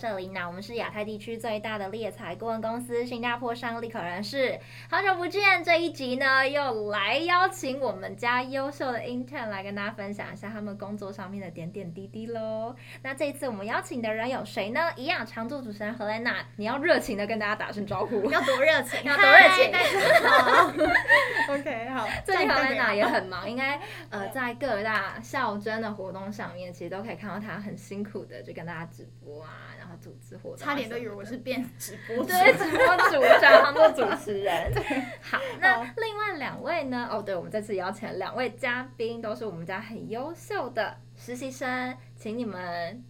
這裡呢，我們是亞太地區最大的獵才顧問公司新加坡商立可人事。好久不見，這一集呢又來邀請我們家優秀的 intern 來跟大家分享一下他們工作上面的點點滴滴嘍。那這一次我們邀請的人有誰呢？一樣常駐主持人何萊娜，你要熱情的跟大家打聲招呼，要多熱情， 要多熱情。OK，好。最近何萊娜也很忙，okay, okay. 應該呃在各大校徵的活動上面，oh. 其實都可以看到她很辛苦的就跟大家直播啊，然後。差點都以為我是變直播，對，直播組長，他們主持人， 主持人。好，那另外兩位呢？哦，對，我們這次邀請兩位嘉賓，都是我們家很優秀的實習生，請你們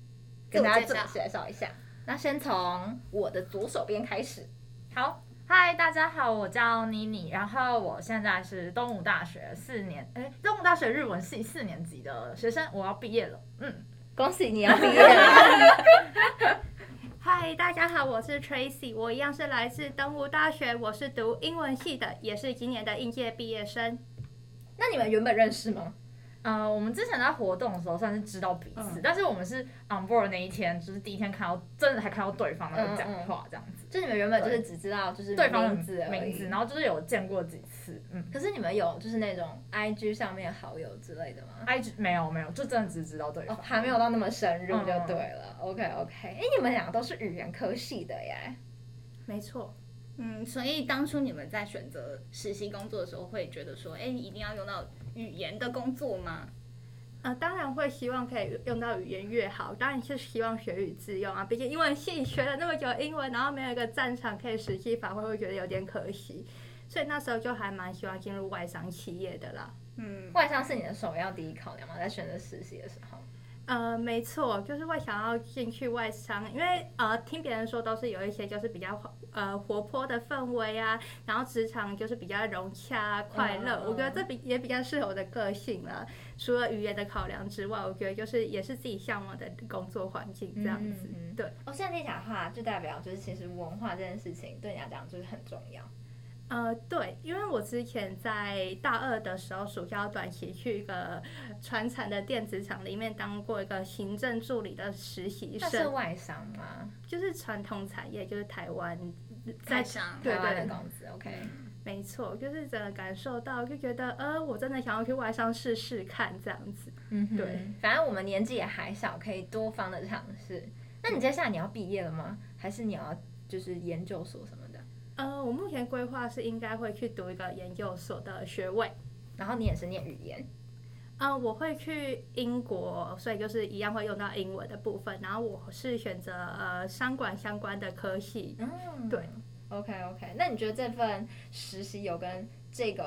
跟大家自我介紹一下。 那先從我的左手邊開始。好，嗨，大家好，我叫妮妮，然後我現在是東吳大學四年，哎，東吳大學日文系四年級的學生，我要畢業了。嗯，恭喜你要畢業了。 嗨，Hi, 大家好，我是 Tracy，我一樣是來自東吳大學，我是讀英文系的，也是今年的應屆畢業生。那你們原本認識嗎？呃，uh, 我們之前在活動的時候算是知道彼此，嗯、但是我們是 on board 那一天，就是第一天看到，真的還看到對方在講話這樣子、嗯嗯。就你們原本就是只知道就是對，對方的名字名字，然後就是有見過幾次。嗯，可是你們有就是那種 IG 上面好友之類的嗎？IG 沒有沒有，就真的只知道對方、哦。還沒有到那麼深入就對了。嗯、OK OK，哎、欸，你們兩個都是語言科系的耶。沒錯。嗯，所以當初你們在選擇實習工作的時候，會覺得說，哎、欸，一定要用到，語言的工作嗎？啊、呃，當然會希望可以用到語言越好，當然就是希望學以致用啊。畢竟英文系學了那麼久英文，然後沒有一個戰場可以實際發揮，會覺得有點可惜。所以那時候就還蠻希望進入外商企業的啦。嗯，外商是你的首要第一考量嘛，在選擇實習的時候？呃，沒錯，就是會想要進去外商，因為呃，聽別人說都是有一些就是比較呃活潑的氛圍啊，然後職場就是比較融洽、啊、快樂。哦、我覺得這比也比較適合我的個性了、啊。除了語言的考量之外，我覺得就是也是自己向往的工作環境這樣子。嗯嗯嗯、對，我、哦、現在跟你講的話，就代表就是其實文化這件事情對你來講就是很重要。呃，對，因為我之前在大二的時候，暑假短期去一個傳產的電子廠裡面當過一個行政助理的實習生。那是外商嗎？就是傳統產業，就是台灣在台灣，對對對，台灣的公司。OK，沒錯，就是真的感受到，就覺得呃，我真的想要去外商試試看這樣子。嗯哼，對，反正我們年紀也還小，可以多方的嘗試。那你接下來你要畢業了嗎？還是你要就是研究所什麼？嗯、呃，我目前規劃是應該會去讀一個研究所的學位，然後你也是念語言。啊、呃，我會去英國，所以就是一樣會用到英文的部分。然後我是選擇呃商管相關的科系。嗯，對。OK OK，那你覺得這份實習有跟這個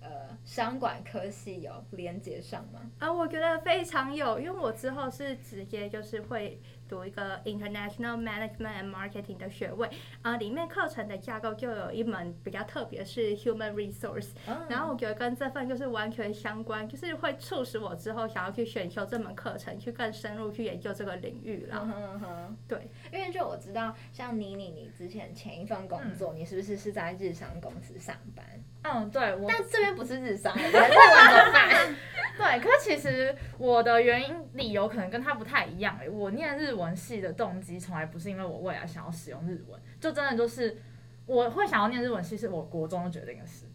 呃商管科系有連接上嗎？啊、呃，我覺得非常有，因為我之後是直接就是會。讀一個 International Management and Marketing 的學位，啊、呃，裡面課程的架構就有一門比較特別是 human resource，、oh. 然後我覺得跟這份就是完全相關，就是會促使我之後想要去選修這門課程，去更深入去研究這個領域了。嗯哼、uh，huh huh. 對，因為就我知道，像你你你之前前一份工作，嗯、你是不是是在日商公司上班？嗯，對。我但這邊不是日商，日 我。的 對，可是其實我的原因理由可能跟他不太一樣哎，我念日。日文系的動機從來不是因為我未來想要使用日文，就真的就是我會想要念日文系，是我國中決定的事。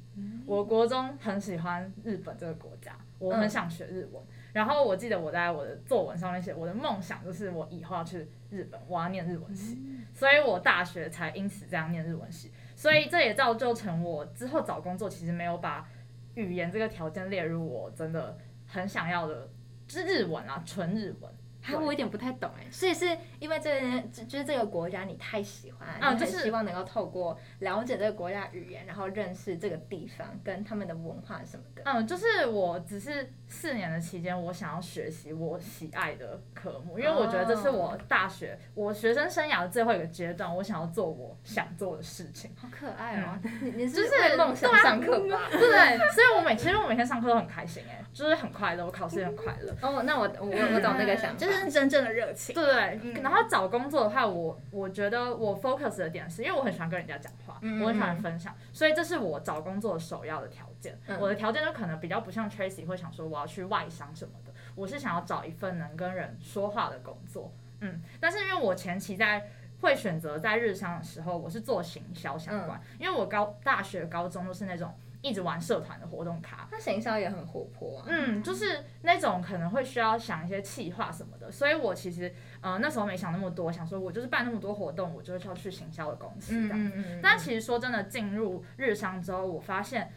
我國中很喜歡日本這個國家，我很想學日文。然後我記得我在我的作文上面寫，我的夢想就是我以後要去日本，我要念日文系，所以我大學才因此這樣念日文系。所以這也造就成我之後找工作其實沒有把語言這個條件列入，我真的很想要的，是日文啊，純日文。哎，還我有點不太懂哎，所以是因為這個，就是這個國家你太喜歡，嗯、就是就很希望能夠透過了解這個國家語言，然後認識這個地方跟他們的文化什麼的。嗯，就是我只是。四年的期間，我想要學習我喜愛的科目，因為我覺得這是我大學我學生生涯的最後一個階段，我想要做我想做的事情。好可愛哦，嗯、你你是不是在夢想上課？ 對，對對？所以我每其實我每天上課都很開心，欸，哎，就是很快樂，我考試也很快樂。嗯。哦，那我我我懂那個想法，嗯，就是真正的熱情。對，對對，嗯、然後找工作的話，我我覺得我 focus 的點是，因為我很喜歡跟人家講話，嗯、我很喜歡分享，所以這是我找工作的首要的條。嗯、我的條件就可能比較不像 Tracy，會想說我要去外商什麼的。我是想要找一份能跟人說話的工作，嗯。但是因為我前期在會選擇在日商的時候，我是做行銷相關，嗯、因為我高大學、高中都是那種一直玩社團的活動卡，那行銷也很活潑啊。嗯，就是那種可能會需要想一些企劃什麼的，所以我其實呃那時候沒想那麼多，想說我就是辦那麼多活動，我就是要去行銷的公司，嗯。嗯嗯。嗯，但其實說真的，進入日商之後，我發現。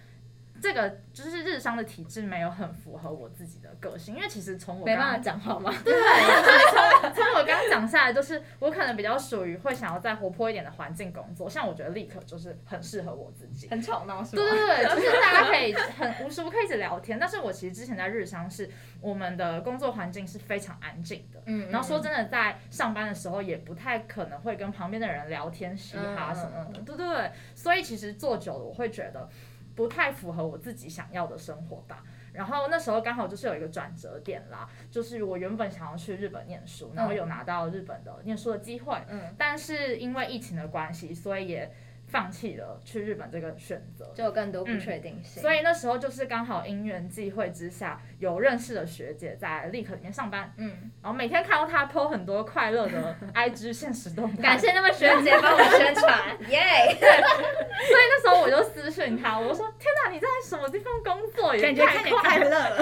這個就是日商的體制沒有很符合我自己的個性，因為其實從我剛剛沒辦法講好嗎？對 從，從我剛剛講下來，就是我可能比較屬於會想要在活潑一點的環境工作，像我覺得立可就是很適合我自己。很吵鬧是嗎？對對對，就是大家可以很無時無刻一直聊天，但是我其實之前在日商是我們的工作環境是非常安靜的，嗯，然後說真的，在上班的時候也不太可能會跟旁邊的人聊天嘻哈什麼的，嗯嗯對，對對，所以其實做久了我會覺得。不太符合我自己想要的生活吧。然後那時候剛好就是有一個轉折點啦，就是我原本想要去日本念書，然後我有拿到日本的念書的機會，嗯，但是因為疫情的關係，所以也。放棄了去日本這個選擇，就有更多不確定性、嗯。所以那時候就是剛好因緣際會之下，有認識的學姐在立可裡面上班，嗯，然後每天看到她 po 很多快樂的 IG 現實動態 感謝那位學姐幫我宣傳，耶！對，所以那時候我就私訊她，我說：天哪，你在什麼地方工作也？感覺太快樂了，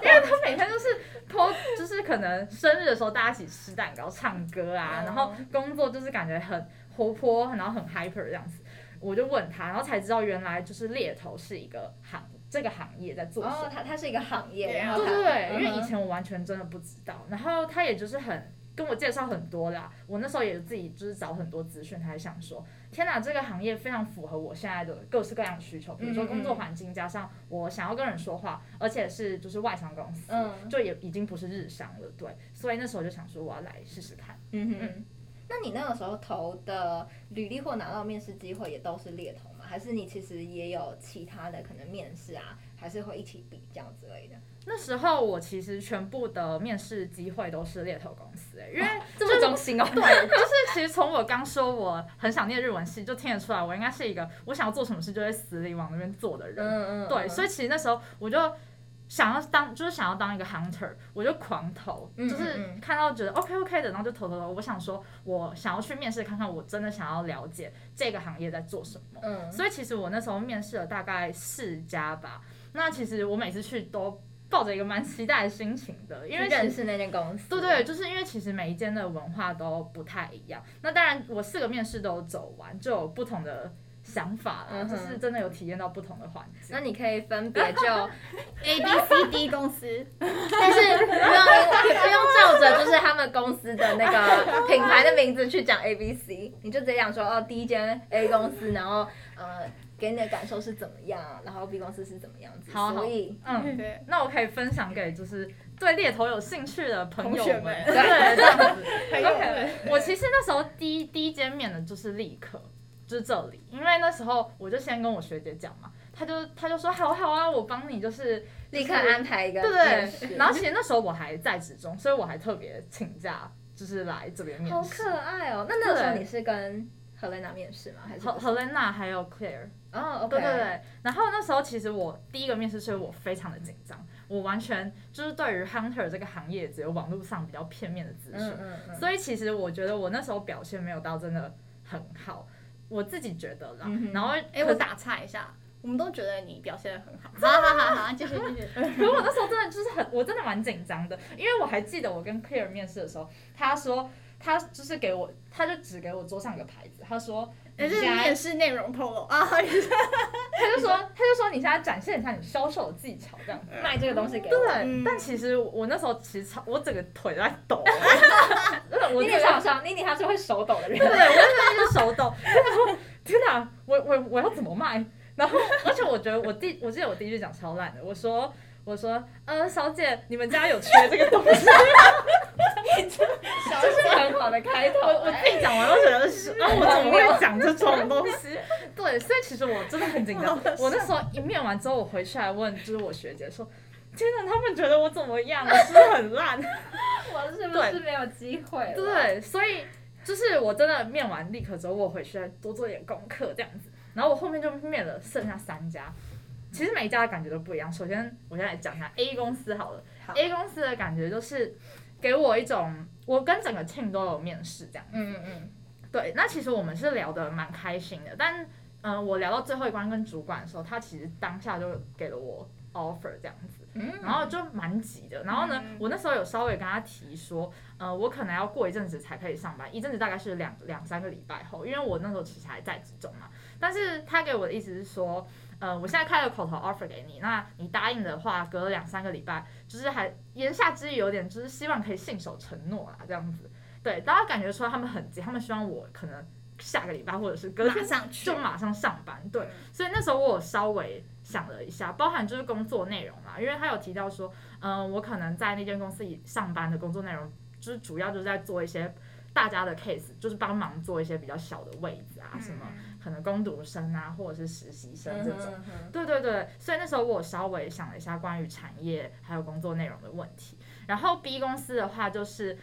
對， 因為她每天都是 po，就是可能生日的時候大家一起吃蛋糕、唱歌啊，oh. 然後工作就是感覺很活潑，然後很 hyper 這樣子。我就問他，然後才知道原來就是獵頭是一個行，這個行業在做事。哦、他他是一個行業，對對對，因為以前我完全真的不知道。嗯哼。然後他也就是很跟我介紹很多啦，我那時候也自己就是找很多資訊，他還想說，天哪，這個行業非常符合我現在的各式各樣的需求，比如說工作環境，加上我想要跟人說話，而且是就是外商公司，嗯、就也已經不是日商了，對。所以那時候就想說，我要來試試看。嗯哼嗯。那你那個時候投的履歷或拿到面試機會也都是獵頭嗎？還是你其實也有其他的可能面試啊？還是會一起比這樣之類的？那時候我其實全部的面試機會都是獵頭公司、欸，誒，因為、就是哦，這麼忠心哦，對，就是其實從我剛說我很想念日文系，就聽得出來我應該是一個我想要做什麼事就會死裡往那邊做的人，嗯嗯，對，嗯、所以其實那時候我就。想要當就是想要當一個 hunter，我就狂投，就是看到覺得 OK OK 的，然後就投投投，我想說，我想要去面試看看，我真的想要了解這個行業在做什麼。嗯，所以其實我那時候面試了大概四家吧。那其實我每次去都抱着一個蠻期待的心情的，因為認識那間公司。對，對對，就是因為其實每一間的文化都不太一樣。那當然，我四個面試都走完，就有不同的。想法了，就是真的有體驗到不同的環境。那你可以分別就 A B C D 公司，但是不用不用照着就是他們公司的那個品牌的名字去講 A B C，你就直接講說哦，第一間 A 公司，然後呃給你的感受是怎麼樣，然後 B 公司是怎麼樣子。好，好，嗯，對。那我可以分享給就是對獵頭有興趣的朋友們，對，這樣子。OK，我其實那時候第一第一見面的就是立可。是這裡，因為那時候我就先跟我學姐講嘛，他就她就說好，好啊，我幫你就是立刻安排一個面試，對,對,對。 然後其實那時候我還在職中，所以我還特別請假，就是來這邊面試。好可愛哦！那那時候你是跟 Helena 面試嗎？對還是 He-Helena 還有 Claire？哦，對對對。然後那時候其實我第一個面試，是我非常的緊張，嗯、我完全就是對於 Hunter 這個行業只有網絡上比較片面的資訊，嗯嗯嗯所以其實我覺得我那時候表現沒有到真的很好。我自己覺得了，嗯、哼然後，哎，是我打岔一下，我們都覺得你表現得很好。好好好，好，謝謝謝謝。可是我那時候真的就是很，我真的蠻緊張的，因為我還記得我跟佩兒面試的時候，他說他就是給我，他就只給我桌上個牌子，他說。也是也是內容透露啊！他就說他就說你現在展現一下你銷售的技巧，這樣賣這個東西給我。對，但其實我那時候其實超我整個腿在抖。哈哈哈哈哈！因為妮妮她是會手抖的人，對，我真的是手抖。然後天哪，我我我要怎麼賣？然後而且我覺得我第我記得我第一句講超爛的，我說我說呃小姐，你們家有缺這個東西嗎？哈哈哈哈！考的開頭，我我講完都覺得是，我真的是那我怎麼會講這種東西？ 對，所以其實我真的很緊張。 我那時候一面完之後，我回去還問，就是我學姐說：“ 天哪，他們覺得我怎麼樣？我 是不是很爛， 我是不是沒有機會？”對，所以就是我真的面完立可之後，我回去再多做一點功課這樣子。然後我後面就面了剩下三家，其實每一家的感覺都不一樣。首先，我先來講一下 A 公司好了好，A 公司的感覺就是給我一種。我跟整個 team 都有面試這樣，嗯嗯嗯，對，那其實我們是聊得蠻開心的，但嗯、呃，我聊到最後一關跟主管的時候，他其實當下就給了我 offer 這樣子，然後就蠻急的，然後呢，我那時候有稍微跟他提說，呃，我可能要過一陣子才可以上班，一陣子大概是兩兩三個禮拜後，因為我那時候其實還在職中嘛，但是他給我的意思是說，嗯、呃，我現在開了口頭 offer 給你，那你答應的話，隔了兩三個禮拜，就是還言下之意，有點，就是希望可以信守承諾啦，這樣子。對，當他感覺出來他們很急，他們希望我可能下個禮拜或者是隔天就馬上上班。對，所以那時候我稍微想了一下，包含就是工作內容嘛，因為他有提到說，嗯、呃，我可能在那間公司上班的工作內容，就是主要就是在做一些大家的 case，就是幫忙做一些比較小的位置啊什麼。嗯可能工讀生啊，或者是實習生這種，嗯嗯嗯對對對，所以那時候我稍微想了一下關於產業還有工作內容的問題。然後 B 公司的話就是，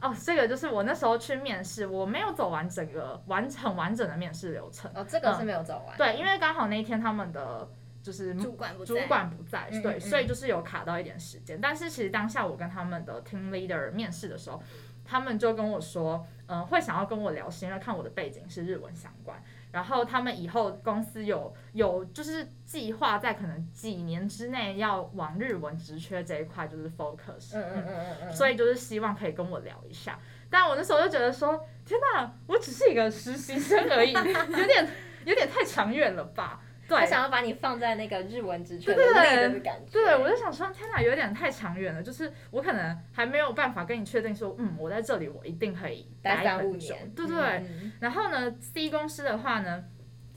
哦，這個就是我那時候去面試，我沒有走完整個完很完整的面試流程哦，這個是沒有走完，嗯、對，因為剛好那一天他們的就是主管不在，主管不在，對，嗯嗯，所以就是有卡到一點時間。嗯嗯，但是其實當下我跟他們的 Team Leader 面試的時候，他們就跟我說，嗯，會想要跟我聊，是因為看我的背景是日文相關。然後他們以後公司有有就是計劃在可能幾年之內要往日文職缺這一塊就是 focus，嗯嗯嗯所以就是希望可以跟我聊一下。但我那時候就覺得說，天哪，我只是一個實習生而已，有點有點太長遠了吧。還對想要把你放在那個日文直推的那個感覺對,對，我就想說，天哪，有點太長遠了。就是我可能還沒有辦法跟你確定說，嗯，我在這裡，我一定可以待,待三五年，對對。嗯、然後呢，C 公司的話呢，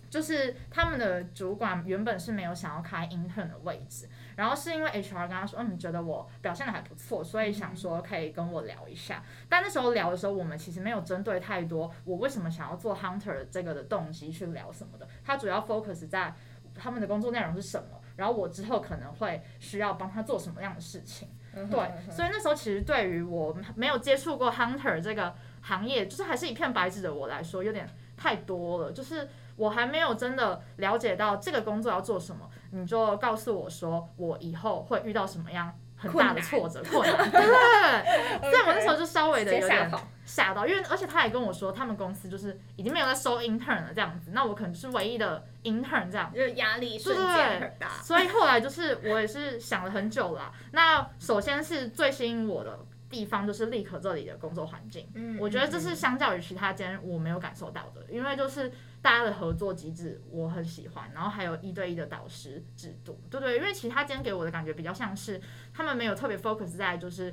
就是他們的主管原本是沒有想要開 intern 的位置。然後是因為 HR 跟他說，嗯，覺得我表現得還不錯，所以想說可以跟我聊一下。但那時候聊的時候，我們其實沒有針對太多我為什麼想要做 hunter 這個的動機去聊什麼的。他主要 focus 在他們的工作內容是什麼，然後我之後可能會需要幫他做什麼樣的事情。嗯哼嗯哼。對，所以那時候其實對於我沒有接觸過 hunter 這個行業，就是還是一片白紙的我來說，有點太多了。就是我還沒有真的了解到這個工作要做什麼。你就告訴我說，我以後會遇到什麼樣很大的挫折困難？對， okay, 但我那時候就稍微的有點嚇到，因為而且他也跟我說，他們公司就是已經沒有在收 intern 了這樣子，那我可能就是唯一的 intern 這樣，就壓力瞬間很大。所以後來就是我也是想了很久啦、啊。 那首先是最吸引我的。地方就是立可這裡的工作環境，嗯，我覺得這是相較於其他間我沒有感受到的，因為就是大家的合作機制我很喜歡，然後還有一對一的導師制度，對對，因為其他間給我的感覺比較像是他們沒有特別 focus 在就是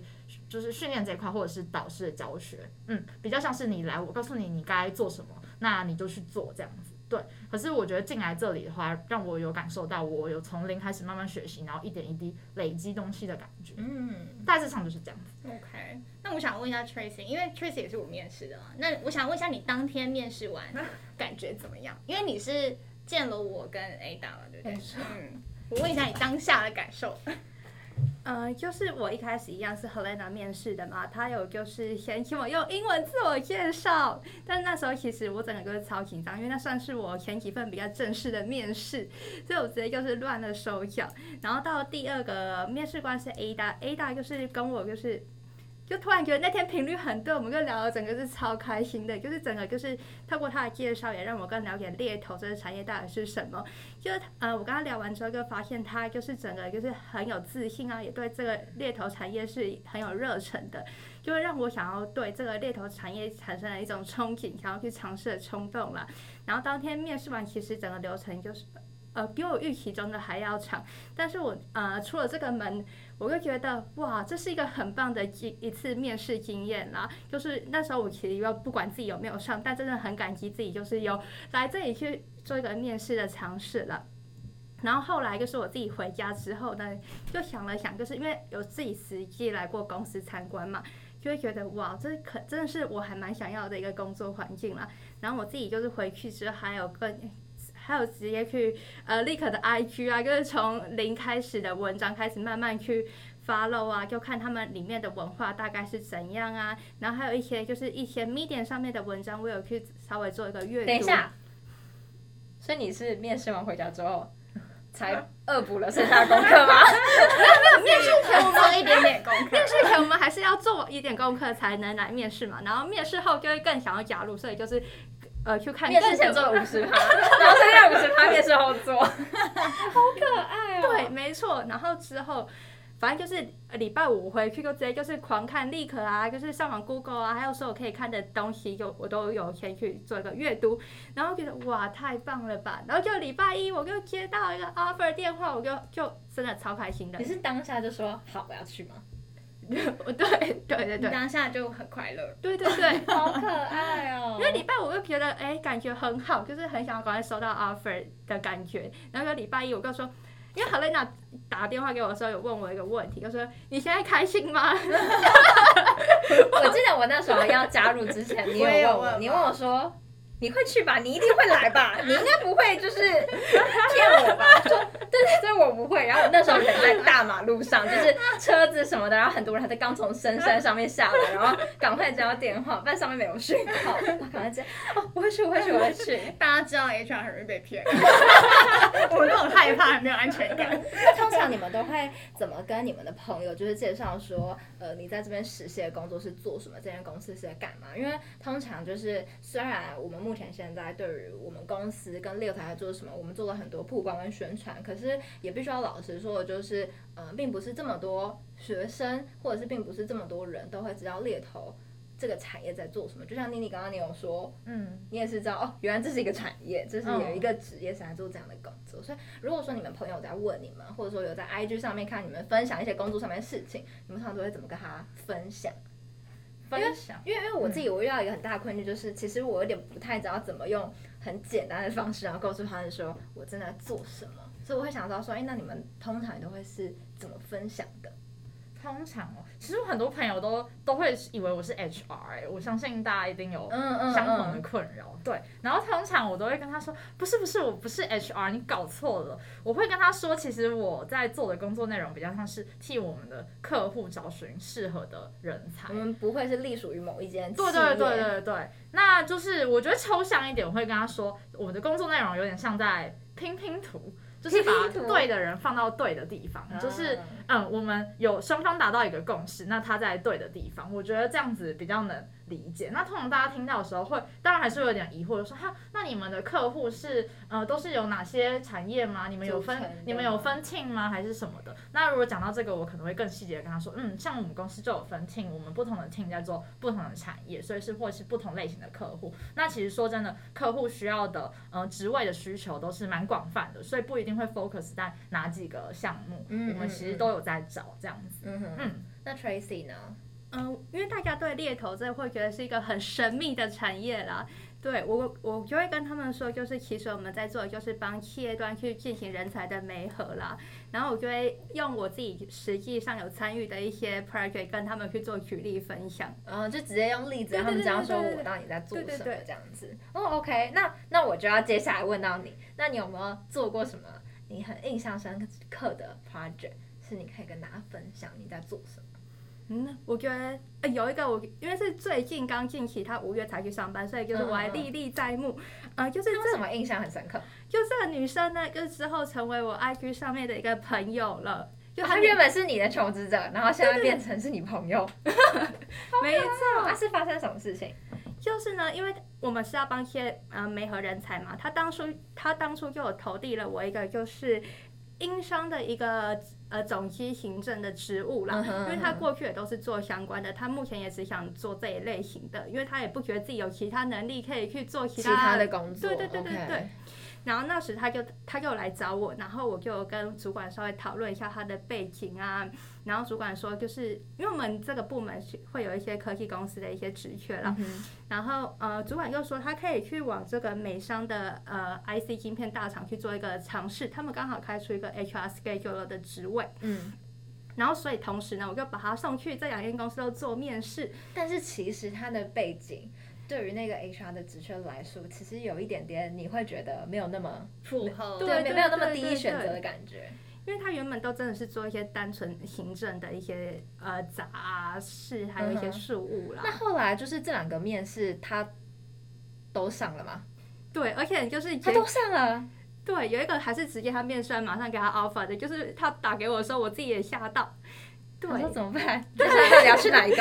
就是訓練這一塊，或者是導師的教學，嗯，比較像是你來我告訴你你該做什麼，那你就去做這樣子。對，可是我覺得進來這裡的話，讓我有感受到我有從零開始慢慢學習，然後一點一滴累積東西的感覺。嗯，大致上就是這樣子。OK，那我想問一下 Tracy，因為 Tracy 也是我面試的嘛，那我想問一下你當天面試完感覺怎麼樣？因為你是見了我跟 Ada 嘛，對不對？嗯，我問一下你當下的感受。嗯、呃，就是我一開始一樣是 Helena 面試的嘛，他有就是先請我用英文自我介紹，但那時候其實我整個就是超緊張，因為那算是我前幾份比較正式的面試，所以我直接就是亂了手腳。然後到第二個面試官是 Ada，Ada A 就是跟我就是。就突然覺得那天頻率很對，我們就聊了整個是超開心的，就是整個就是透過他的介紹，也讓我更了解獵頭這個產業到底是什麼。就是呃，我跟他聊完之後，就發現他就是整個就是很有自信啊，也對這個獵頭產業是很有熱忱的，就會讓我想要對這個獵頭產業產生了一種憧憬，想要去嘗試的衝動啦。然後當天面試完，其實整個流程就是呃比我預期中的還要長，但是我呃出了這個門。我就覺得哇，這是一個很棒的經一次面試經驗啦。就是那時候我其實要不管自己有沒有上，但真的很感激自己，就是有來這裡去做一個面試的嘗試了。然後後來就是我自己回家之後呢，就想了想，就是因為有自己實際來過公司參觀嘛，就會覺得哇，這可真的是我還蠻想要的一個工作環境啦。然後我自己就是回去之後還有個。還有直接去呃，立可的 IG 啊，就是從零開始的文章開始慢慢去 follow 啊，就看他們裡面的文化大概是怎樣啊。然後還有一些就是一些 medium 上面的文章，我有去稍微做一個閱讀。等一下，所以你是面試完回家之後才惡補了剩下的功課嗎？沒有沒有， 面試前我們一點點功課， 面試前我們還是要做一點功課才能來面試嘛。然後面試後就會更想要加入，所以就是。呃，去看面試前做五十趴， 然後面試五十趴，面試後做， 好可愛哦。對，沒錯。然後之後，反正就是禮拜五回 Q Q 直接就是狂看立可啊，就是上網 Google 啊，還有所有可以看的東西，就我都有先去做一個閱讀。然後覺得哇，太棒了吧！然後就禮拜一我就接到一個 offer 電話，我就就真的超開心的。你是當下就說好，我要去嗎？對對對對，對對對當下就很快樂。對對對，對對，好可愛哦。因為禮拜五我就覺得，哎，感覺很好，就是很想趕快收到 offer 的感覺。然後禮拜一我跟他說，因為 Helena 打電話給我的時候有問我一個問題，他說你現在開心嗎？ 我記得我那時候要加入之前，你有問我，也問你問我說。你快去吧，你一定會來吧？ 你應該不會就是騙我吧？就 對對對，對，我不會。然後那時候人在大馬路上，就是車子什麼的，然後很多人還在剛從深山上面下來，然後趕快接到電話，但上面沒有訊號，我趕快接。哦，我會去，我會去，我會去。去大家知道 HR 很容易被騙。 我都很害怕，沒有安全感。 通常你們都會怎麼跟你們的朋友就是介紹說，呃，你在這邊實習的工作是做什麼？這間公司是在幹嘛？因為通常就是雖然我們。目前現在對於我們公司跟獵頭在做什麼，我們做了很多曝光跟宣傳，可是也必須要老實說，就是嗯、呃，並不是這麼多學生，或者是並不是這麼多人都會知道獵頭這個產業在做什麼。就像妮妮剛剛你有說，嗯，你也是知道哦，原來這是一個產業，這是有一個職業來做這樣的工作。嗯、所以如果說你們朋友在問你們，或者說有在 IG 上面看你們分享一些工作上面的事情，你們通常都會怎麼跟他分享？分享，因為因為因為我自己，我遇到一個很大的困境，就是、嗯、其實我有點不太知道怎麼用很簡單的方式、啊，然後告訴他們說我正在做什麼。所以我會想到說，哎、欸，那你們通常都會是怎麼分享的？通常哦，其實我很多朋友都都會以為我是 HR 欸，我相信大家一定有相同的困擾。嗯嗯嗯，對，然後通常我都會跟他說，不是不是，我不是 HR，你搞錯了。我會跟他說，其實我在做的工作內容比較像是替我們的客戶找尋適合的人才，我們不會是隸屬於某一間。對對對對對，那就是我覺得抽象一點，我會跟他說，我的工作內容有點像在拼拼圖。就是把對的人放到對的地方， 就是嗯，我們有雙方達到一個共識，那他在對的地方，我覺得這樣子比較能。理解，那通常大家聽到的時候會，當然還是會有點疑惑說，說哈，那你們的客戶是呃都是有哪些產業嗎？你們有分你們有分 team 嗎？還是什麼的？那如果講到這個，我可能會更細節跟他說，嗯，像我們公司就有分 team，我們不同的 team 在做不同的產業，所以是或者是不同類型的客戶。那其實說真的，客戶需要的呃職位的需求都是蠻廣泛的，所以不一定會 focus 在哪幾個項目。嗯、我們其實都有在找、嗯、這樣子。嗯，嗯那 Tracy 呢？嗯，因為大家對獵頭這會覺得是一個很神秘的產業啦。對我，我就會跟他們說，就是其實我們在做的，就是幫企業端去進行人才的媒合啦。然後我就會用我自己實際上有參與的一些 project 跟他們去做舉例分享，嗯，就直接用例子，他們只要說我到底在做什麼這樣子。哦，OK，那那我就要接下來問到你，那你有沒有做過什麼你很印象深刻的 project，是你可以跟大家分享你在做什麼？嗯，我覺得、欸、有一個我，因為是最近剛進去，他五月才去上班，所以就是我還歷歷在目。嗯、呃，就是這什麼印象很深刻？就這個女生呢，就是、之後成為我 IG 上面的一個朋友了。就她、是啊、原本是你的求職者，然後現在變成是你朋友。沒錯、啊，是發生什麼事情？就是呢，因為我們是要幫一些呃媒合人才嘛，她當初她當初就有投遞了我一個就是音商的一個。呃，總機行政的職務啦，uh huh. 因為他過去也都是做相關的，他目前也只想做這一類型的，因為他也不覺得自己有其他能力可以去做其他，其他的工作，對對對對對，Okay. 對。然後那時他就他就來找我，然後我就跟主管稍微討論一下他的背景啊。然後主管說，就是因為我們這個部門是會有一些科技公司的一些職缺啦。嗯、哼然後呃，主管又說，他可以去往這個美商的呃 IC 晶片大廠去做一個嘗試，他們剛好開出一個 HR scheduler 的職位。嗯、然後所以同時呢，我就把他送去這兩間公司都做面試，但是其實他的背景。對於那個 HR 的職缺來說，其實有一點點你會覺得沒有那麼符合，對、對、對、對、對、對，沒有那麼第一選擇的感覺，因為他原本都真的是做一些單純行政的一些、呃、雜事，還有一些事務啦、嗯。那後來就是這兩個面試他都上了嗎？對，而且就是他都上了，對，有一個還是直接他面試完馬上給他 offer 的，就是他打給我的時候，我自己也嚇到，對，那怎麼辦？那你要去哪一個？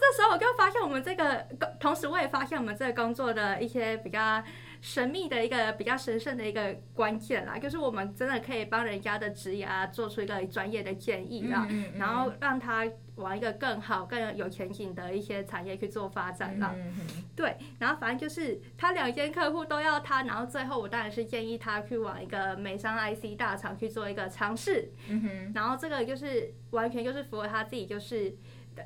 這時候我就發現我們這個，同時我也發現我們這個工作的一些比較神秘的一個比較神聖的一個關鍵啦，就是我們真的可以幫人家的職業啊做出一個專業的建議啊，然後讓他往一個更好更有前景的一些產業去做發展了。對，然後反正就是他兩間客戶都要他，然後最後我當然是建議他去往一個美商 IC 大廠去做一個嘗試。然後這個就是完全就是符合他自己就是。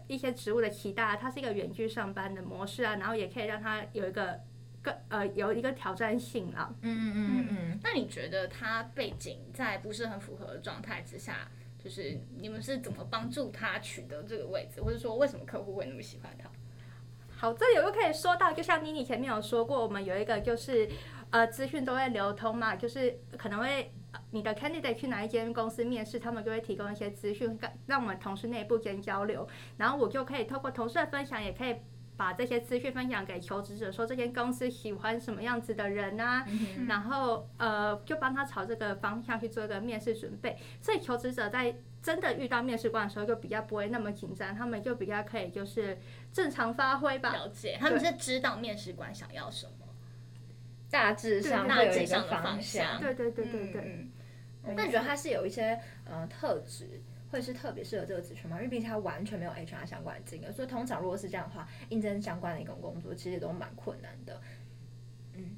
一些職務的期待啊，它是一個遠距上班的模式啊，然後也可以讓他有一個更呃有一個挑戰性啊。嗯嗯嗯嗯。那你覺得他背景在不是很符合的狀態之下，就是你們是怎麼幫助他取得這個位置，或者說為什麼客戶會那麼喜歡他？好，這裡我又可以說到，就像妮妮前面有說過，我們有一個就是呃資訊都會流通嘛，就是可能會。你的 candidate 去哪一間公司面試，他們就會提供一些資訊，跟讓我們同事內部間交流。然後我就可以透過同事的分享，也可以把這些資訊分享給求職者，說這間公司喜歡什麼樣子的人啊。嗯、哼然後呃，就幫他朝這個方向去做一個面試準備。所以求職者在真的遇到面試官的時候，就比較不會那麼緊張，他們就比較可以就是正常發揮吧。了解，對他們是知道面試官想要什麼，大致上大致上的方向。對對對對對。嗯嗯那你、嗯、覺得他是有一些呃特質，或者是特別適合這個職缺嗎？因為畢竟他完全沒有 HR 相關的經驗，所以通常如果是這樣的話，應徵相關的一種工作其實都蠻困難的。嗯，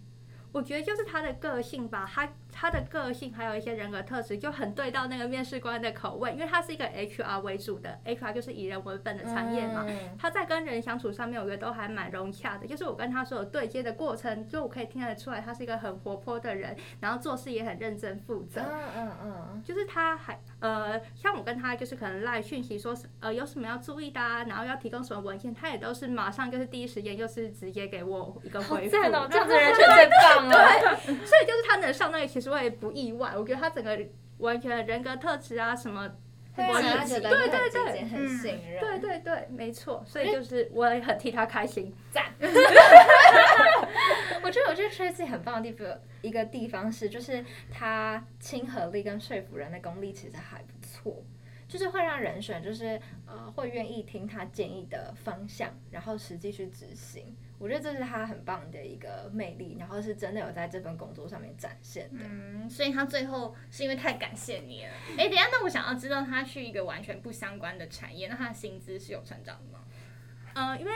我覺得就是他的個性吧，他。他的個性還有一些人格特質，就很對到那個面試官的口味，因為他是一個 H R 為主的 ，H R 就是以人為本的產業嘛。他在跟人相處上面，我覺得都還蠻融洽的。就是我跟他所有對接的過程，就我可以聽得出來，他是一個很活潑的人，然後做事也很認真負責。嗯嗯嗯。就是他還呃，像我跟他就是可能賴訊息說呃有什麼要注意的，啊，然後要提供什麼文獻，他也都是馬上就是第一時間就是直接給我一個回覆。這樣的人絕對棒，對，所以就是他能上那個其實。所以不意外，我覺得他整個完全人格特質啊，什麼對對對，嗯、很信任，對對對，沒錯。所以就是我也很替他開心，讚。我覺得我覺得 Tracy 很棒的地方，一個地方是，就是他親和力跟說服人的功力其實還不錯，就是會讓人選，就是呃會願意聽他建議的方向，然後實際去執行。我覺得這是他很棒的一個魅力，然後是真的有在這份工作上面展現的。嗯，所以他最後是因為太感謝你了。哎、 欸，等一下，那我想要知道他去一個完全不相關的產業，那他的薪資是有成長的嗎？嗯、呃，因為。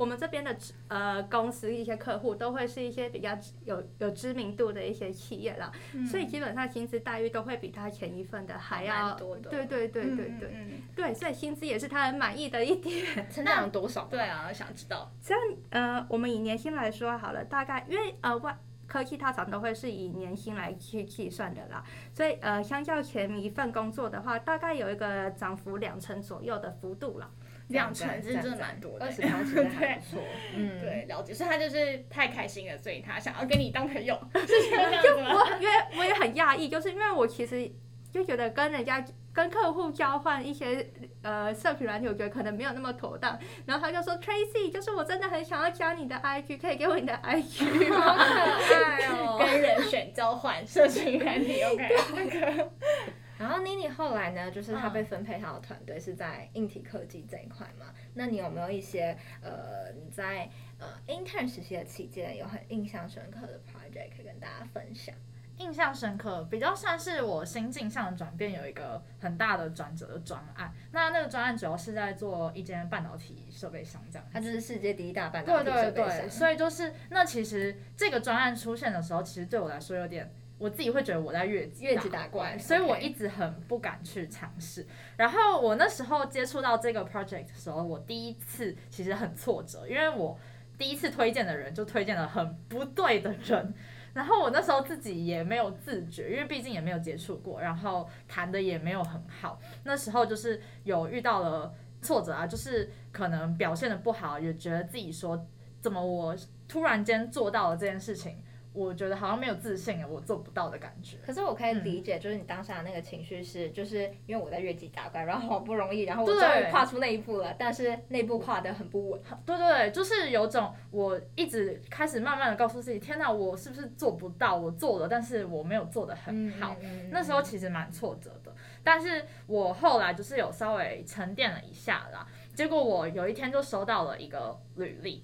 我們這邊的呃公司一些客戶都會是一些比較有有知名度的一些企業啦，嗯、所以基本上薪資待遇都會比他前一份的還要多的。對對對對對，對，所以薪資也是他很滿意的一點。呃、那長多少？對啊，想知道。這樣呃，我們以年薪來說好了，大概因為呃外科技大廠都會是以年薪來去計算的啦，所以呃，相較前一份工作的話，大概有一個漲幅兩成左右的幅度了。兩成是真的蠻多的，二十兩成還不錯 對。嗯，對，了解。所以他就是太開心了，所以他想要跟你當朋友是這樣子嗎？ 就我因為我，我也很訝異，就是因為我其實就覺得跟人家跟客戶交換一些呃社群軟體，我覺得可能沒有那麼妥當。然後他就說 Tracy 就是我真的很想要加你的 IG，可以給我你的 IG 嗎？好可愛哦，跟人選交換社群軟體，OK。 對 然後 Nini 後來呢，就是她被分配到的團隊是在硬體科技這一塊嘛。那你有沒有一些呃你在呃 intern 實習的期間有很印象深刻的 project 跟大家分享？印象深刻，比較算是我心境上的轉變，有一個很大的轉折的專案。那那個專案主要是在做一間半導體設備商，這樣，它、啊、就是世界第一大半導體設備商。對對對，所以就是那其實這個專案出現的時候，其實對我來說有點。我自己會覺得我在越級打,打怪，所以我一直很不敢去嘗試。Okay. 然後我那時候接觸到這個 project 的時候，我第一次其實很挫折，因為我第一次推薦的人就推薦了很不對的人。然後我那時候自己也沒有自覺，因為畢竟也沒有接觸過，然後談的也沒有很好。那時候就是有遇到了挫折啊，就是可能表現得不好，也覺得自己說怎麼我突然間做到了這件事情。我覺得好像沒有自信啊，我做不到的感覺。可是我可以理解，嗯、就是你當下的那個情緒是，就是因為我在越級打怪，然後好不容易，然後我終於跨出那一步了，對但是那步跨得很不穩。對，對對，就是有種我一直開始慢慢的告訴自己，天哪，啊，我是不是做不到？我做了，但是我沒有做得很好。嗯、那時候其實蠻挫折的，嗯、但是我後來就是有稍微沉澱了一下啦。結果我有一天就收到了一個履歷。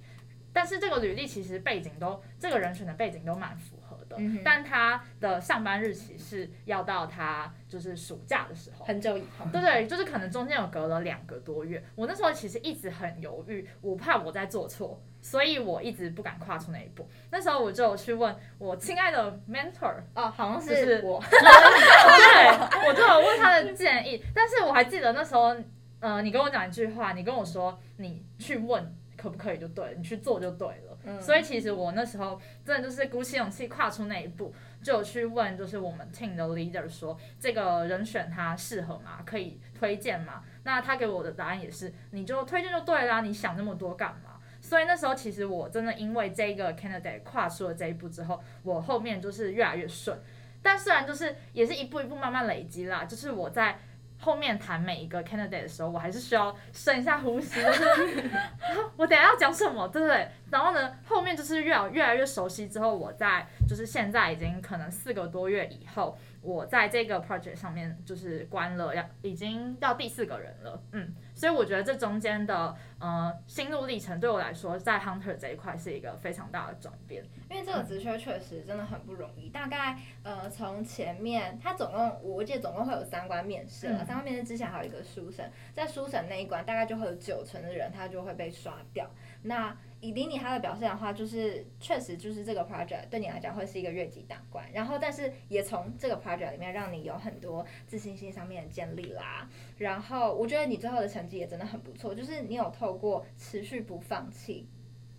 但是這個履歷其實背景都，這個人選的背景都蠻符合的，嗯、哼但他的上班日期是要到他就是暑假的時候，很久以後，對對，就是可能中間有隔了兩個多月。我那時候其實一直很猶豫，我怕我再做錯，所以我一直不敢跨出那一步。那時候我就去問我親愛的 mentor，啊、哦，好像是我，對，我就有問他的建議。但是我還記得那時候，呃，你跟我講一句話，你跟我說你去問。嗯可不可以就對，你去做就對了。嗯，所以其實我那時候真的就是鼓起勇氣跨出那一步，就去問就是我們 team 的 leader 說，這個人選他適合嗎？可以推薦嗎？那他給我的答案也是，你就推薦就對啦啊，你想那麼多幹嘛？所以那時候其實我真的因為這個 candidate 跨出了這一步之後，我後面就是越來越順。但雖然就是也是一步一步慢慢累積啦，就是我在。後面談每一個 candidate 的時候，我還是需要深一下呼吸， 我等一下要講什麼，對不對？然後呢，後面就是越越來越熟悉之後，我在就是現在已經可能四個多月以後，我在這個 project 上面就是關了，要已經要第四個人了，嗯，所以我覺得這中間的。呃、嗯，心路歷程對我來說，在 Hunter 這一塊是一個非常大的轉變，因為這個職缺確實真的很不容易。嗯、大概呃，從前面，他總共我，我記得，總共會有三關面試，嗯、三關面試之前還有一個書審，在書審那一關，大概就會有九成的人他就會被刷掉。那以 Nini 他的表現的話，就是確實就是這個 project 對你來講會是一個越級打怪，然後但是也從這個 project 裡面讓你有很多自信心上面的建立啦。然後我覺得你最後的成績也真的很不錯，就是你有透。過持續不放棄，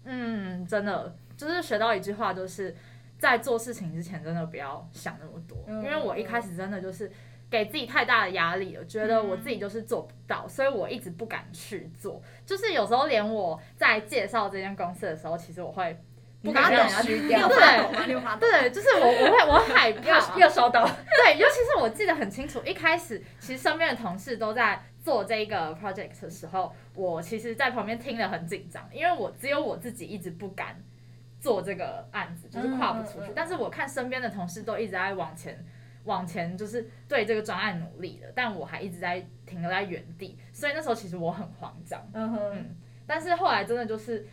嗯，真的就是學到一句話，就是在做事情之前，真的不要想那麼多。嗯、因為我一開始真的就是給自己太大的壓力，我覺得我自己就是做不到，嗯、所以我一直不敢去做。就是有時候連我在介紹這間公司的時候，其實我會不敢去丟，對 對，就是我我會我害怕又,又收到， 對，尤其是我記得很清楚，一開始其實身邊的同事都在。做這個 project 的時候，我其實，在旁邊聽了很緊張，因為我只有我自己一直不敢做這個案子，就是跨不出去。但是我看身邊的同事都一直在往前、往前，就是對這個專案努力的，但我還一直在停在原地，所以那時候其實我很慌張。嗯哼。但是後來真的就是，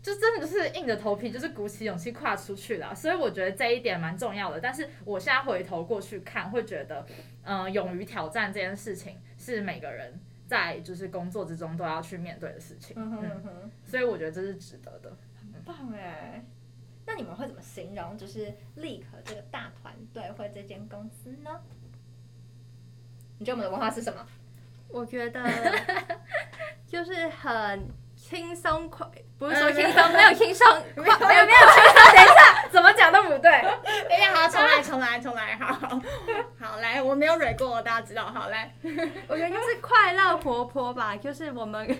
就真的就是硬着頭皮，就是鼓起勇氣跨出去了。所以我覺得這一點蠻重要的。但是我現在回頭過去看，會覺得，嗯、呃，勇於挑戰這件事情。是每個人在就是工作之中都要去面對的事情，嗯哼。嗯，所以我覺得這是值得的。很棒哎！嗯、那你們會怎麼形容就是立可這個大團隊或這間公司呢？你覺得我們的文化是什麼？我覺得就是很輕鬆快，不是說輕鬆， 沒有輕鬆快，沒有沒有輕鬆，等一下。怎麼講都不對，哎呀，好，重來，重來，重來，好，好，好來，我沒有蕊過，大家知道，好來，我覺得是快樂活潑吧，就是我們，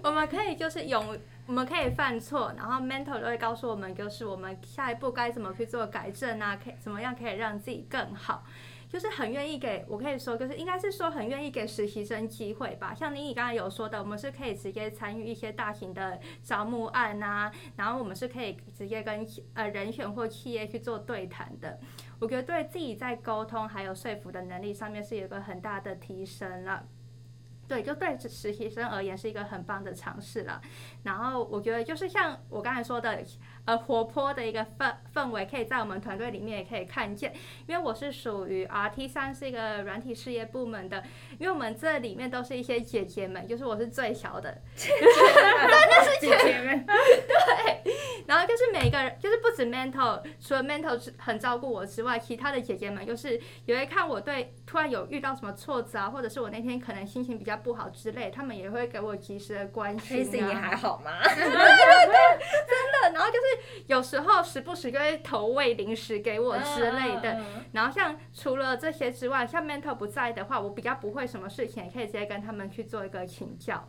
我們可以就是勇，我們可以犯錯，然後 Mentor 都會告訴我們，就是我們下一步該怎麼去做改正啊，可以怎麼樣可以讓自己更好。就是很願意給我可以說，就是應該是說很願意給實習生機會吧。像你你剛才有說的，我們是可以直接參與一些大型的招募案啊，然後我們是可以直接跟呃人選或企業去做對談的。我覺得對自己在溝通還有說服的能力上面是有個很大的提升了啊。對，就對實習生而言是一個很棒的嘗試了。然後我覺得就是像我剛才說的，呃，活潑的一個氛氛圍，可以在我們團隊裡面也可以看見。因為我是屬於 RT 三是一個軟體事業部門的，因為我們這裡面都是一些姐姐們，就是我是最小的，哈那是姐姐們， 對。就是然後就是每個人，就是不止 Mentor，除了 Mentor 很照顧我之外，其他的姐姐們就是也會看我對突然有遇到什麼挫折啊，或者是我那天可能心情比較不好之類，他們也會給我及時的關心、啊。KC 也還好嗎？對,對對對， 真的。 然後就是有時候時不時就會投餵零食給我之類的。Uh, um. 然後像除了這些之外，像 Mentor 不在的話，我比較不會什麼事情也可以直接跟他們去做一個請教。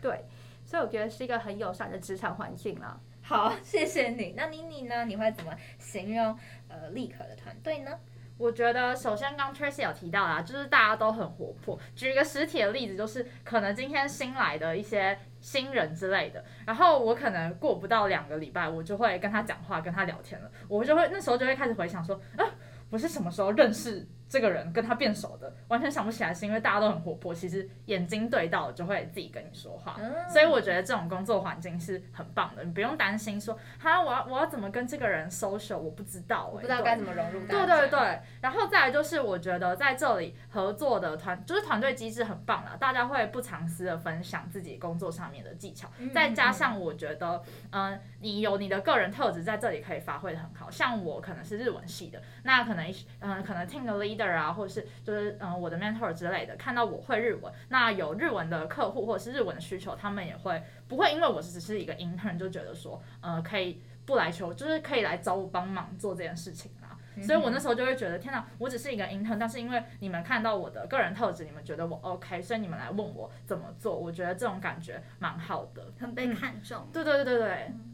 對，所以我覺得是一個很友善的職場環境了、啊。好，謝謝你。那妮妮呢？你會怎麼形容呃立可的團隊呢？我覺得首先剛 Tracy 有提到啦、啊，就是大家都很活潑。舉一個實體的例子，就是可能今天新來的一些新人之類的，然後我可能過不到兩個禮拜，我就會跟他講話，跟他聊天了。我就會那時候就會開始回想說，啊，我是什麼時候認識？這個人跟他變熟的，完全想不起來，是因為大家都很活潑。其實眼睛對到就會自己跟你說話，嗯、所以我覺得這種工作環境是很棒的。你不用擔心說，哈，我要我要怎麼跟這個人 social，我不知道、欸、我不知道該怎麼融入對。對對對，然後再來就是我覺得在這裡合作的團就是團隊機制很棒了，大家會不藏私的分享自己工作上面的技巧，嗯、再加上我覺得，嗯，嗯嗯你有你的個人特質在這裡可以發揮的很好。像我可能是日文系的，那可能嗯，可能聽個 leader。啊，或者是就是嗯、呃，我的 mentor 之類的，看到我會日文，那有日文的客戶或者是日文的需求，他們也會不會因為我只是一個 intern 就覺得說，呃，可以不來求，就是可以來找我幫忙做這件事情啦。嗯、哼所以我那時候就會覺得，天哪，我只是一個 intern，但是因為你們看到我的個人特質，你們覺得我 OK，所以你們來問我怎麼做，我覺得這種感覺蠻好的，很被看重、嗯。對對對對對。嗯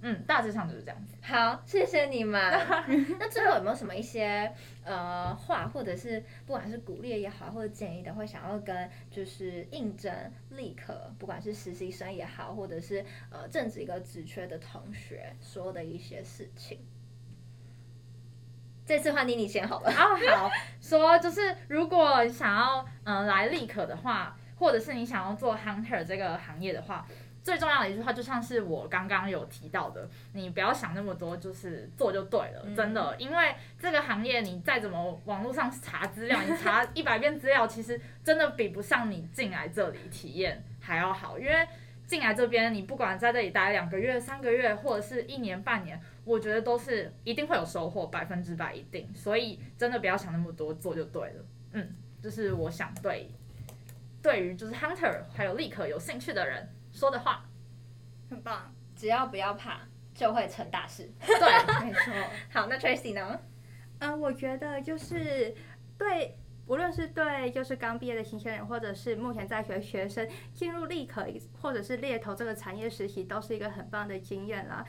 嗯，大致上就是這樣子。好，謝謝你們。 那最後有沒有什麼一些呃話，或者是不管是鼓勵也好，或者建議的，會想要跟就是應徵立可，不管是實習生也好，或者是呃正職一個職缺的同學說的一些事情？ 這次換妮妮先好了。哦，oh, 好， 說就是如果你想要嗯、呃、來立可的話，或者是你想要做 hunter 這個行業的話。最重要的一句話，就像是我剛剛有提到的，你不要想那麼多，就是做就對了，嗯、真的。因為這個行業，你再怎麼網絡上查資料，你查一百遍資料，其實真的比不上你進來這裡體驗還要好。因為進來這邊，你不管在這裡待兩個月、三個月，或者是一年半年，我覺得都是一定會有收穫，百分之百一定。所以真的不要想那麼多，做就對了。嗯，就是我想對，對於就是 Hunter 還有立可有興趣的人。說的話很棒，只要不要怕，就會成大事。 對，沒錯。好，那 Tracy 呢？嗯、呃，我覺得就是對，無論是對就是剛畢業的新鮮人，或者是目前在學的學生進入立可或者是獵頭這個產業實習，都是一個很棒的經驗了。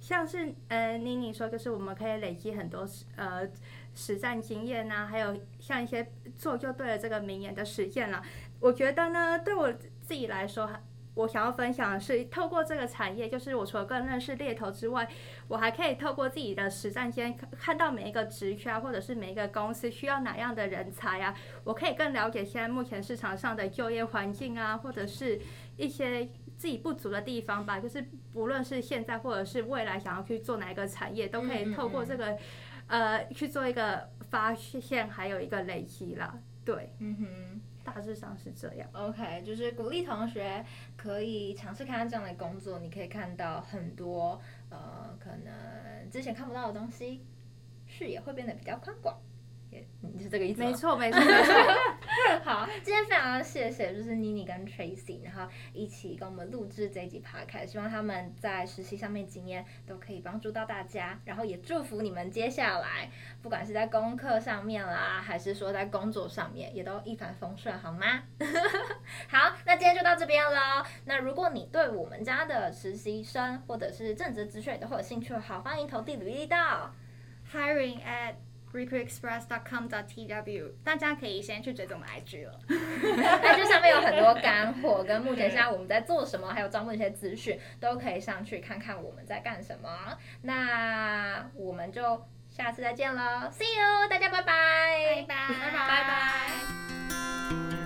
像是呃，妮妮說，就是我們可以累積很多呃實戰經驗吶、啊，還有像一些做就對了這個名言的實踐了。我覺得呢，對我自己來說我想要分享的是，透過這個產業，就是我除了更認識獵頭之外，我還可以透過自己的實戰先看到每一個職缺、啊、或者是每一個公司需要哪樣的人才啊。我可以更了解現在目前市場上的就業環境啊，或者是一些自己不足的地方吧。就是不論是現在或者是未來想要去做哪一個產業，都可以透過這個嗯嗯呃去做一個發現，還有一個累積了。對，嗯哼、嗯。大致上是這樣。OK，就是鼓勵同學可以嘗試看看這樣的工作，你可以看到很多呃可能之前看不到的東西，視野會變得比較寬廣。你是這個意思嗎？沒錯，沒錯，沒錯。 好，今天非常謝謝，就是妮妮跟 Tracy，然後一起跟我們錄製這一集 podcast。希望他們在實習上面經驗都可以幫助到大家，然後也祝福你們接下來，不管是在功課上面啦，還是說在工作上面，也都一帆風順，好嗎？ 好，那今天就到這邊嘍。那如果你對我們家的實習生或者是正職職位都會有興趣的話，歡迎投遞履歷到 hiring at。recruitexpress.com.tw，大家可以先去追蹤我們 IG 了，IG 上面有很多乾貨，跟目前現在我們在做什麼，還有招募一些資訊，都可以上去看看我們在幹什麼。那我們就下次再見囉，See you，大家拜拜，拜拜，拜拜。